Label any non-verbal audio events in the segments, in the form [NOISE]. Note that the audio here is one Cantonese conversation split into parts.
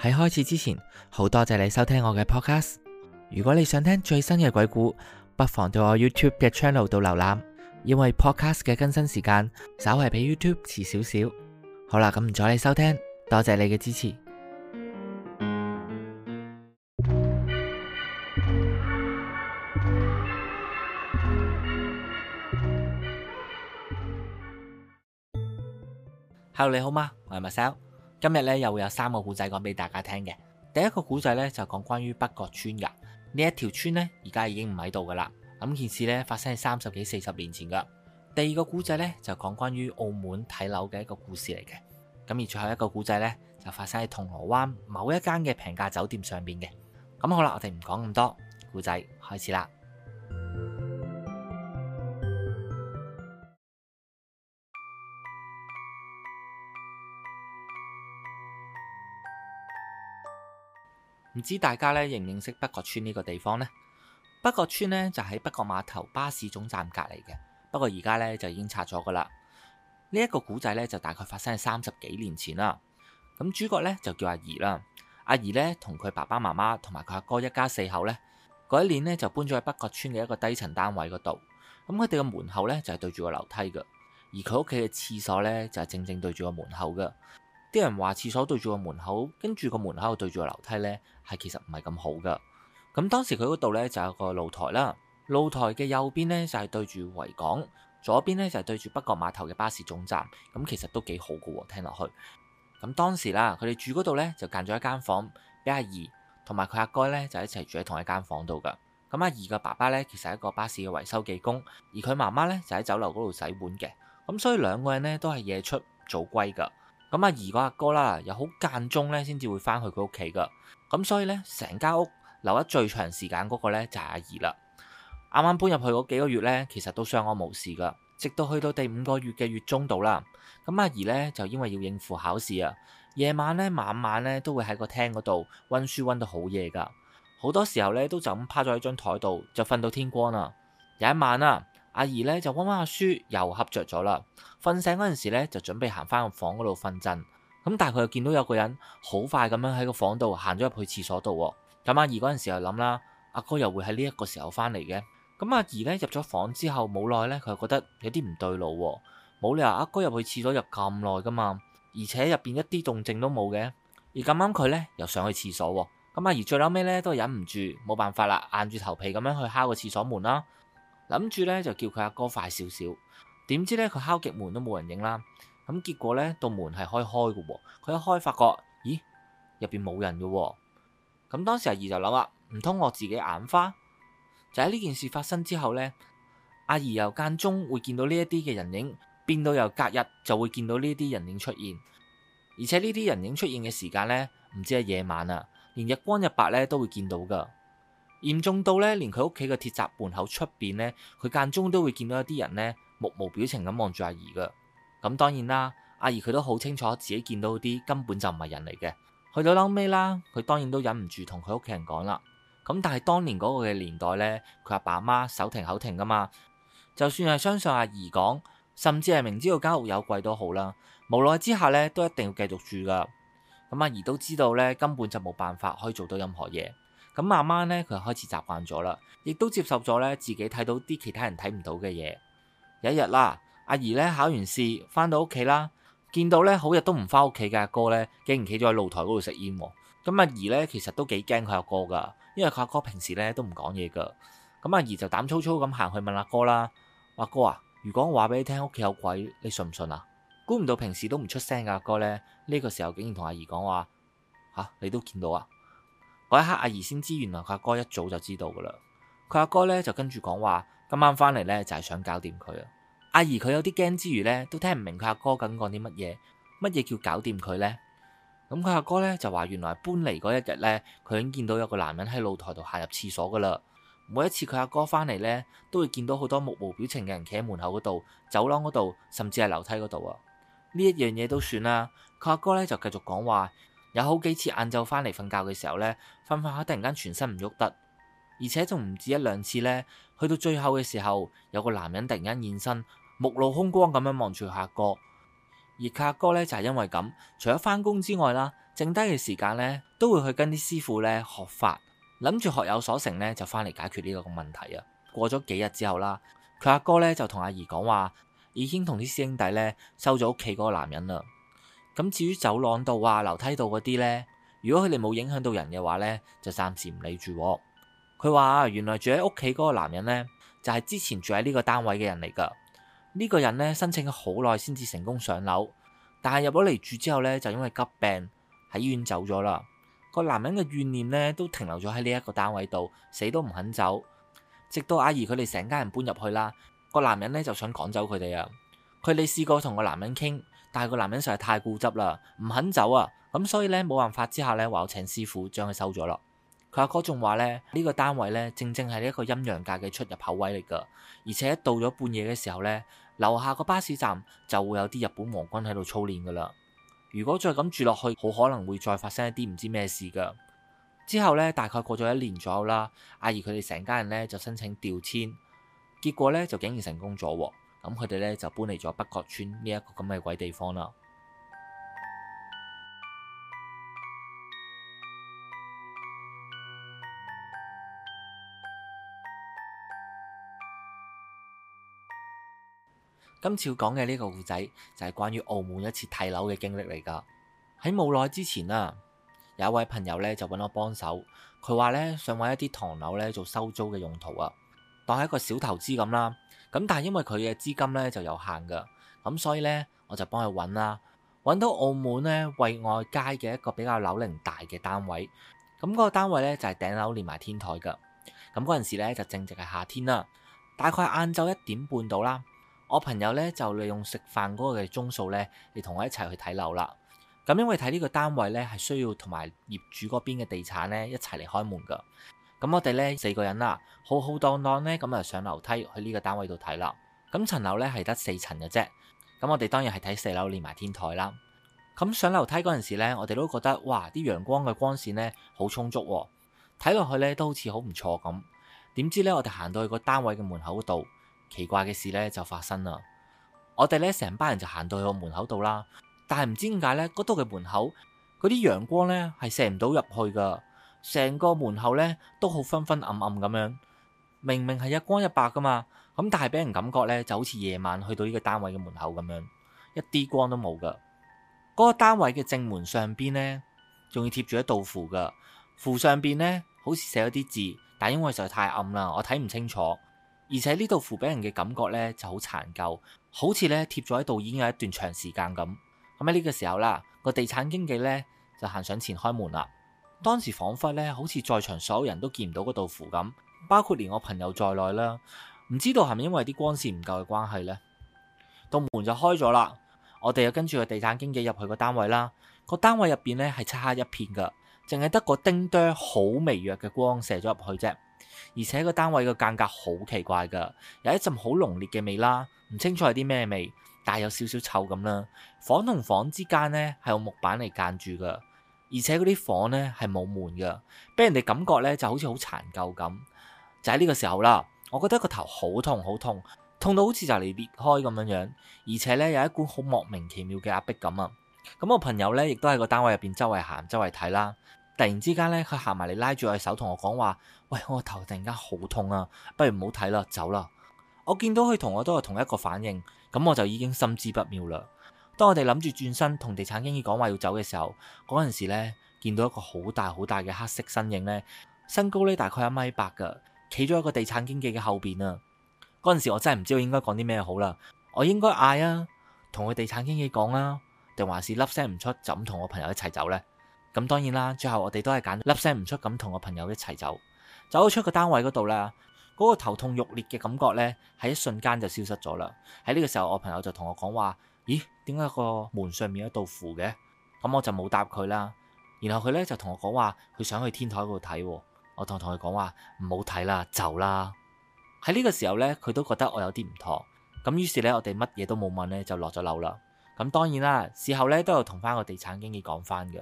喺開始之前，好多謝你收聽我嘅 podcast。如果你想聽最新嘅鬼故，不妨到我 YouTube 嘅 channel 度瀏覽，因為 podcast 嘅更新時間稍為比 YouTube 遲少少。好啦，咁唔阻你收聽，多謝你嘅支持。Hello，你好嗎？我係馬修。今日咧又會有三個故仔講俾大家聽嘅。第一個古仔咧就講關於北角村噶，呢一條村咧而家已經唔喺度噶啦。咁件事咧發生喺三十幾四十年前噶。第二個古仔咧就講關於澳門睇樓嘅一個故事嚟嘅。咁而最後一個古仔咧就發生喺銅鑼灣某一間嘅平價酒店上面嘅。咁、嗯、好啦，我哋唔講咁多，古仔開始啦。唔知大家咧認唔認識北角村呢個地方呢？北角村咧就喺、是、北角碼頭巴士總站隔離嘅，不過而家咧就已經拆咗噶啦。這個、呢一個古仔咧就大概發生喺三十幾年前啦。咁主角咧就叫阿怡啦，阿怡咧同佢爸爸媽媽同埋佢阿哥一家四口咧嗰一年咧就搬咗喺北角村嘅一個低層單位嗰度。咁佢哋嘅門口咧就係、是、對住個樓梯噶，而佢屋企嘅廁所咧就係、是、正正對住個門口噶。啲人話廁所對住個門口，跟住個門口又對住個樓梯呢，係其實唔係咁好噶。咁當時佢嗰度呢，就有個露台啦，露台嘅右邊呢，就係對住維港，左邊呢，就係對住北角碼頭嘅巴士總站，咁其實都幾好噶，啊，聽落去。咁當時啦，佢哋住嗰度呢，就間咗一間房俾阿二同埋佢阿哥呢，就一齊住喺同一間房度噶。咁阿二嘅爸爸呢，其實係一個巴士嘅維修技工，而佢媽媽呢，就喺酒樓嗰度洗碗嘅，咁所以兩個人呢，都係夜出早歸噶。咁阿二個阿哥啦，又好間中咧先至會翻去佢屋企噶，咁所以咧，成間屋留得最長時間嗰個咧就係阿二啦。啱啱搬入去嗰幾個月咧，其實都相安無事噶，直到去到第五個月嘅月中度啦。咁阿二咧就因為要應付考試啊，夜晚咧晚晚咧都會喺個廳嗰度温書温到好夜噶，好多時候咧都就咁趴咗喺張台度就瞓到天光啦。有一晚啊～阿二咧就溫溫下書，又恰着咗啦。瞓醒嗰陣時咧，就準備行翻個房嗰度瞓陣。咁但係佢又見到有個人好快咁樣喺個房度行咗入去廁所度。咁阿二嗰陣時又諗啦，阿哥，哥又會喺呢一個時候翻嚟嘅。咁阿二咧入咗房之後冇耐咧，佢又覺得有啲唔對路喎。冇理由阿哥入去廁所入咁耐噶嘛，而且入邊一啲動靜都冇嘅。而咁啱佢咧又上去廁所。咁阿二最後尾咧都係忍唔住，冇辦法啦，硬住頭皮咁樣去敲個廁所門啦。諗住咧就叫佢阿哥,哥快少少，點知咧佢敲極門都冇人影啦。咁結果咧，度門係開開嘅喎。佢一開發覺，咦，入邊冇人嘅。咁當時阿姨就諗呀，唔通我自己眼花？就喺呢件事發生之後咧，阿姨由間中會見到呢一啲嘅人影，變到由隔日就會見到呢啲人影出現，而且呢啲人影出現嘅時間咧，唔知係夜晚啊，連日光日白咧都會見到噶。嚴重到咧，連佢屋企嘅鐵閘門口出邊咧，佢間中都會見到一啲人咧，目無表情咁望住阿姨噶。咁當然啦，阿姨佢都好清楚自己見到啲根本就唔係人嚟嘅。去到後尾啦，佢當然都忍唔住同佢屋企人講啦。咁但係當年嗰個嘅年代咧，佢阿爸阿媽手停口停噶嘛。就算係相信阿姨講，甚至係明知道間屋有鬼都好啦，無奈之下咧都一定要繼續住噶。咁阿姨都知道咧，根本就冇辦法可以做到任何嘢。咁慢慢咧，佢又開始習慣咗啦，亦都接受咗咧自己睇到啲其他人睇唔到嘅嘢。有一日啦，阿兒咧考完試翻到屋企啦，見到咧好日都唔翻屋企嘅阿哥咧，竟然企咗喺露台嗰度食煙。咁阿兒咧其實都幾驚佢阿哥噶，因為佢阿哥平時咧都唔講嘢噶。咁阿兒就膽粗粗咁行去問阿哥啦：阿、啊、哥啊，如果我話俾你聽屋企有鬼，你信唔信啊？估唔到平時都唔出聲嘅阿哥咧，呢、這個時候竟然同阿兒講話：吓、啊，你都見到啊？嗰一刻，阿姨先知，原來佢阿哥一早就知道噶啦。佢阿哥咧就跟住講話，今晚翻嚟咧就係想搞掂佢啊！阿姨佢有啲驚之餘咧，都聽唔明佢阿哥咁講啲乜嘢，乜嘢叫搞掂佢呢？咁佢阿哥咧就話：原來搬嚟嗰一日咧，佢已經見到有個男人喺露台度行入廁所噶啦。每一次佢阿哥翻嚟咧，都會見到好多目無表情嘅人企喺門口嗰度、走廊嗰度，甚至係樓梯嗰度啊。呢一樣嘢都算啦。佢阿哥咧就繼續講話。有好幾次晏晝返嚟瞓覺嘅時候呢，瞓瞓下突然間全身唔喐得，而且仲唔止一兩次呢。去到最後嘅時候，有個男人突然間現身，目露凶光咁樣望住阿哥。而佢阿哥呢，就係因為咁，除咗返工之外啦，剩低嘅時間呢，都會去跟啲師傅呢學法，諗住學有所成呢，就返嚟解決呢個問題啊。過咗幾日之後啦，佢阿哥呢，就同阿姨講話，已經同啲師兄弟呢收咗屋企嗰個男人啦。咁至於走廊度啊、樓梯度嗰啲呢，如果佢哋冇影響到人嘅話呢，就暫時唔理住。佢話原來住喺屋企嗰個男人呢，就係之前住喺呢個單位嘅人嚟噶。呢個人呢，申請好耐先至成功上樓，但係入咗嚟住之後呢，就因為急病喺醫院走咗啦。個男人嘅怨念呢，都停留咗喺呢一個單位度，死都唔肯走。直到阿姨佢哋成家人搬入去啦，個男人呢就想趕走佢哋啊。佢哋試過同個男人傾。但係個男人實在太固執啦，唔肯走啊，咁所以咧冇辦法之下咧，唯有請師傅將佢收咗咯。佢阿哥仲話咧，呢個單位咧正正係一個陰陽界嘅出入口位嚟噶，而且到咗半夜嘅時候咧，樓下個巴士站就會有啲日本皇軍喺度操練噶啦。如果再咁住落去，好可能會再發生一啲唔知咩事噶。之後咧，大概過咗一年左右啦，阿姨佢哋成家人咧就申請調遷，結果咧就竟然成功咗。咁佢哋咧就搬嚟咗北角村呢一個咁嘅鬼地方啦。今次要講嘅呢個故仔就係關於澳門一次睇樓嘅經歷嚟㗎。喺冇耐之前啊，有一位朋友咧就揾我幫手，佢話咧想揾一啲唐樓咧做收租嘅用途啊，當係一個小投資咁啦。咁但係因為佢嘅資金咧就有限㗎，咁所以咧我就幫佢揾啦，揾到澳門咧惠外街嘅一個比較樓齡大嘅單位，咁、那、嗰個單位咧就係頂樓連埋天台㗎，咁嗰陣時咧就正值係夏天啦，大概晏晝一點半到啦，我朋友咧就利用食飯嗰個嘅鐘數咧嚟同我一齊去睇樓啦，咁因為睇呢個單位咧係需要同埋業主嗰邊嘅地產咧一齊嚟開門㗎。咁我哋咧四個人啦，浩浩蕩蕩咧，咁啊上樓梯去呢個單位度睇啦。咁層樓咧係得四層嘅啫，咁我哋當然係睇四樓連埋天台啦。咁上樓梯嗰陣時咧，我哋都覺得哇，啲陽光嘅光線咧好充足喎，睇落去咧都好似好唔錯咁。點知咧，我哋行到去個單位嘅門口度，奇怪嘅事咧就發生啦。我哋咧成班人就行到去個門口度啦，但係唔知點解咧，嗰度嘅門口嗰啲陽光咧係射唔到入去噶。成個門口咧都好昏昏暗暗咁樣，明明係日光日白噶嘛，咁但係俾人感覺咧就好似夜晚去到呢個單位嘅門口咁樣，一啲光都冇噶。嗰個單位嘅正門上邊咧仲要貼住一道符噶，符上邊咧好似寫咗啲字，但因為實在太暗啦，我睇唔清楚。而且呢道符俾人嘅感覺咧就好殘舊，好似咧貼咗喺度已經有一段長時間咁。咁喺呢個時候啦，個地產經紀咧就行上前開門啦。當時彷彿咧，好似在場所有人都見唔到個道符咁，包括連我朋友在內啦。唔知道係咪因為啲光線唔夠嘅關係呢？道門就開咗啦，我哋又跟住個地產經紀入去個單位啦。個單位入邊咧係漆黑一片噶，淨係得個丁堆好微弱嘅光射咗入去啫。而且個單位個間隔好奇怪噶，有一陣好濃烈嘅味啦，唔清楚係啲咩味，但係有少少臭咁啦。房同房之間咧係用木板嚟間住噶。而且嗰啲房呢係冇門嘅，俾人哋感覺呢就好似好殘舊咁。就喺呢個時候啦，我覺得個頭好痛好痛，痛到好似就嚟裂開咁樣樣。而且呢，有一股好莫名其妙嘅壓迫感啊！咁我朋友呢，亦都喺個單位入邊周圍行，周圍睇啦。突然之間呢，佢行埋嚟拉住我嘅手，同我講話：「喂，我個頭突然間好痛啊！不如唔好睇啦，走啦！我見到佢同我都係同一個反應，咁我就已經心知不妙啦。當我哋諗住轉身同地產經紀講話要走嘅時候，嗰陣時呢，見到一個好大好大嘅黑色身影咧，身高咧大概一米八噶，企咗一個地產經紀嘅後邊啊。嗰陣時我真係唔知道應該講啲咩好啦，我應該嗌啊，同個地產經紀講啊，定還是粒聲唔出就咁同我朋友一齊走呢？咁當然啦，最後我哋都係揀粒聲唔出咁同我朋友一齊走，走咗出個單位嗰度啦，嗰個頭痛欲裂嘅感覺呢，喺一瞬間就消失咗啦。喺呢個時候，我朋友就同我講話。咦？點解個門上面有道符嘅？咁我就冇答佢啦。然後佢咧就同我講話，佢想去天台嗰度睇。我同同佢講話唔好睇啦，走啦。喺呢個時候呢，佢都覺得我有啲唔妥。咁於是呢，我哋乜嘢都冇問呢，就落咗樓啦。咁當然啦，事後呢都有同翻個地產經紀講翻嘅。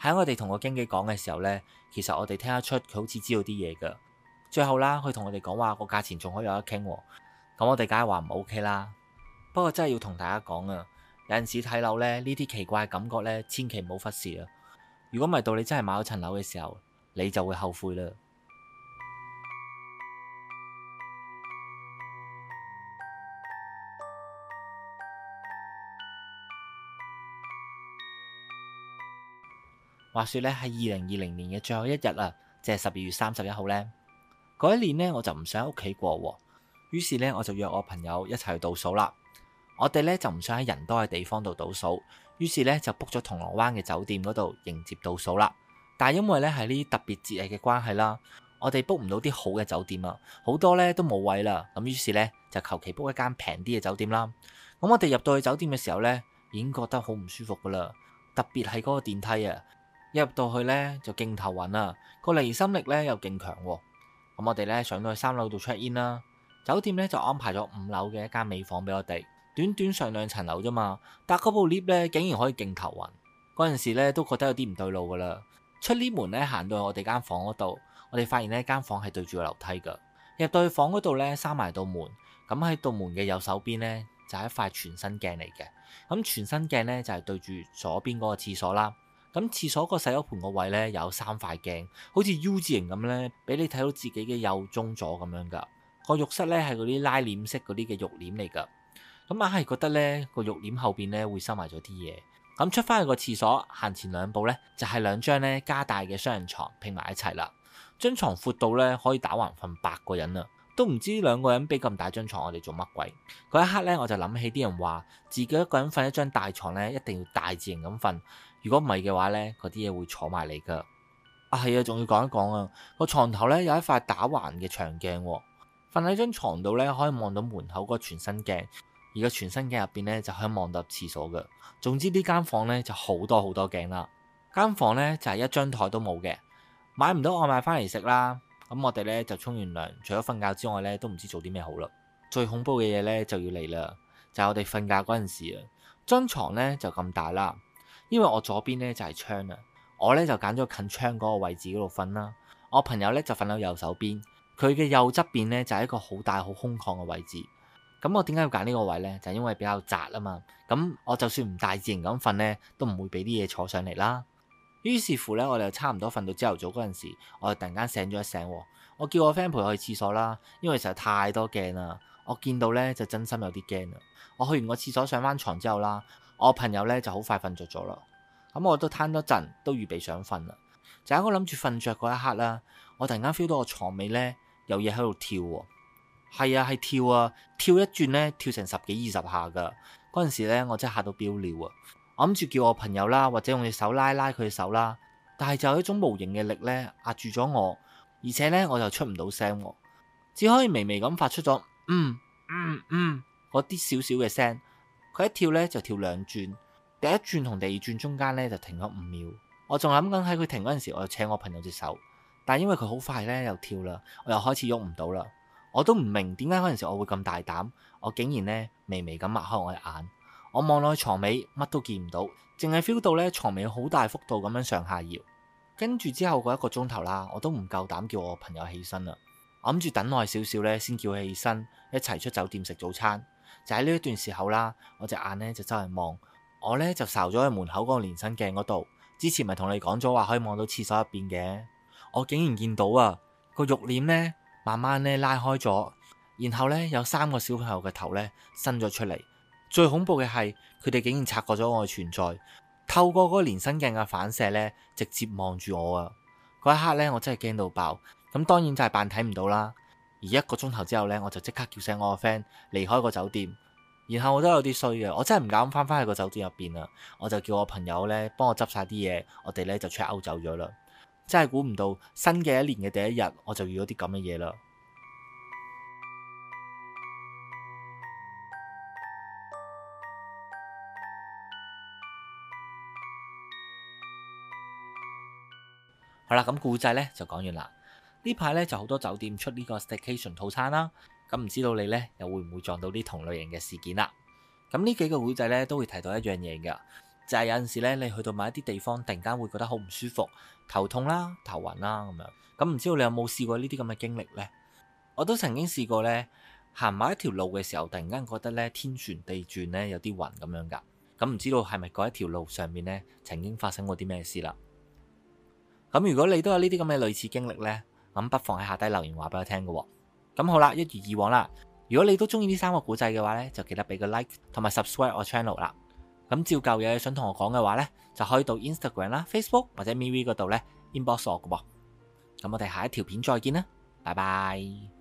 喺我哋同個經紀講嘅時候呢，其實我哋聽得出佢好似知道啲嘢嘅。最後啦，佢同我哋講話個價錢仲可以有得傾。咁我哋梗係話唔 OK 啦。不過真係要同大家講啊，有陣時睇樓咧，呢啲奇怪嘅感覺咧，千祈唔好忽視啊！如果唔係到你真係買咗層樓嘅時候，你就會後悔啦。 [MUSIC] 話說咧，喺二零二零年嘅最後一，就是，日啊，即係十二月三十一號咧，嗰一年咧我就唔想喺屋企過喎。於是咧，我就約我朋友一齊去倒數啦。我哋咧就唔想喺人多嘅地方度倒數，於是咧就 book 咗銅鑼灣嘅酒店嗰度迎接倒數啦。但係因為咧喺呢啲特別節日嘅關係啦，我哋 book 唔到啲好嘅酒店啊，好多咧都冇位啦。咁於是咧就求其 book 一間平啲嘅酒店啦。咁我哋入到去酒店嘅時候咧，已經覺得好唔舒服噶啦，特別係嗰個電梯啊，一入到去咧就勁頭暈啊，個離心力咧又勁強喎。咁我哋咧上到去三樓度 check in 啦。酒店咧就安排咗五樓嘅一間美房俾我哋，短短上兩層樓啫嘛。搭嗰部 lift 咧，竟然可以勁頭暈。嗰陣時咧都覺得有啲唔對路噶啦。出 lift 門咧，行到去我哋間房嗰度，我哋發現呢間房係對住個樓梯噶。入到去房嗰度咧，閂埋道門。咁喺道門嘅右手邊咧就係一塊全身鏡嚟嘅。咁全身鏡咧就係對住左邊嗰個廁所啦。咁廁所個洗手盆個位咧有三塊鏡，好似 U 字形咁咧，俾你睇到自己嘅右中左咁樣噶。個浴室咧係嗰啲拉鏈式嗰啲嘅浴簾嚟噶，咁硬係覺得呢，浴呢、啊、個浴簾後邊呢會收埋咗啲嘢。咁出翻去個廁所行前兩步呢就係兩張呢加大嘅雙人床拼埋一齊啦。張床闊到呢可以打橫瞓八個人啦，都唔知兩個人俾咁大張床我哋做乜鬼。嗰一刻呢，我就諗起啲人話自己一個人瞓一張大床呢一定要大自然咁瞓，如果唔係嘅話呢，嗰啲嘢會坐埋嚟噶。啊係啊，仲要講一講啊，個床頭呢有一塊打橫嘅長鏡、啊。瞓喺張床度咧，可以望到門口嗰個全身鏡，而個全身鏡入邊咧，就可以望到廁所㗎。總之呢間房咧就好多好多鏡啦。間房咧就係一張台都冇嘅，買唔到外賣翻嚟食啦。咁我哋咧就沖完涼，除咗瞓覺之外咧，都唔知做啲咩好啦。最恐怖嘅嘢咧就要嚟啦，就係我哋瞓覺嗰陣時啊，張床咧就咁大啦。因為我左邊咧就係窗啊，我咧就揀咗近窗嗰個位置嗰度瞓啦。我朋友咧就瞓喺右手邊。佢嘅右側邊很很呢，就係一個好大好空曠嘅位置，咁我點解要揀呢個位呢？就因為比較窄啊嘛，咁我就算唔大自然咁瞓呢，都唔會俾啲嘢坐上嚟啦。於是乎呢，我哋就差唔多瞓到朝頭早嗰陣時，我突然間醒咗一醒，我叫我 friend 陪我去廁所啦，因為實在太多鏡啦，我見到呢，就真心有啲驚啦。我去完個廁所上翻床之後啦，我朋友呢就好快瞓着咗啦，咁我都攤咗陣，都預備想瞓啦，就喺我諗住瞓着嗰一刻啦，我突然間 feel 到我床尾呢。有嘢喺度跳喎。哦，係啊，係跳啊，跳一轉呢，跳成十幾二十下㗎。嗰陣時咧，我真係嚇到飆尿啊！我諗住叫我朋友啦，或者用隻手拉拉佢手啦，但係就有一種無形嘅力呢壓住咗我，而且呢，我就出唔到聲喎，只可以微微咁發出咗嗯嗯嗯嗰啲少少嘅聲。佢一跳呢，就跳兩轉，第一轉同第二轉中間呢，就停咗五秒。我仲諗緊喺佢停嗰陣時，我就請我朋友隻手。但因為佢好快咧又跳啦，我又開始喐唔到啦，我都唔明點解嗰陣時我會咁大膽，我竟然咧微微咁擘開我嘅眼，我望落去床尾乜都見唔到，淨係 feel 到咧床尾好大幅度咁樣上下搖，跟住之後嗰一個鐘頭啦，我都唔夠膽叫我朋友起身啦，我諗住等耐少少咧先叫佢起身，一齊出酒店食早餐。就喺呢一段時候啦，我隻眼咧就周圍望，我咧就睄咗去門口嗰個連身鏡嗰度，之前咪同你講咗話可以望到廁所入邊嘅。我竟然見到啊個肉簾呢，慢慢咧拉開咗，然後呢，有三個小朋友嘅頭呢，伸咗出嚟。最恐怖嘅係，佢哋竟然察覺咗我嘅存在，透過嗰個連身鏡嘅反射呢，直接望住我啊！嗰一刻呢，我真係驚到爆。咁當然就係扮睇唔到啦。而一個鐘頭之後呢，我就即刻叫醒我個 friend 離開個酒店。然後我都有啲衰嘅，我真係唔敢返返去個酒店入邊啊。我就叫我朋友呢，幫我執晒啲嘢，我哋呢就 check out 走咗啦。真係估唔到新嘅一年嘅第一日，我就遇到啲咁嘅嘢啦。好啦，咁故仔咧就講完啦。呢排咧就好多酒店出呢個 staycation 套餐啦。咁唔知道你咧又會唔會撞到啲同類型嘅事件啦？咁呢幾個故仔咧都會提到一樣嘢嘅。就係有陣時咧，你去到某一啲地方，突然間會覺得好唔舒服，頭痛啦、頭暈啦咁樣。咁唔知道你有冇試過呢啲咁嘅經歷呢？我都曾經試過呢，行某一條路嘅時候，突然間覺得呢天旋地轉呢有啲暈咁樣㗎。咁唔知道係咪嗰一條路上面呢曾經發生過啲咩事啦？咁如果你都有呢啲咁嘅類似經歷呢，咁不妨喺下低留言話俾我聽嘅。咁好啦，一如以往啦。如果你都中意呢三個古仔嘅話呢，就記得俾個 like 同埋 subscribe 我 channel 啦。咁照舊，有嘢想同我講嘅話呢，就可以到 Instagram 啦、Facebook 或者 MeWe 嗰度咧 inbox 我嘅噃。咁我哋下一條片再見啦，拜拜。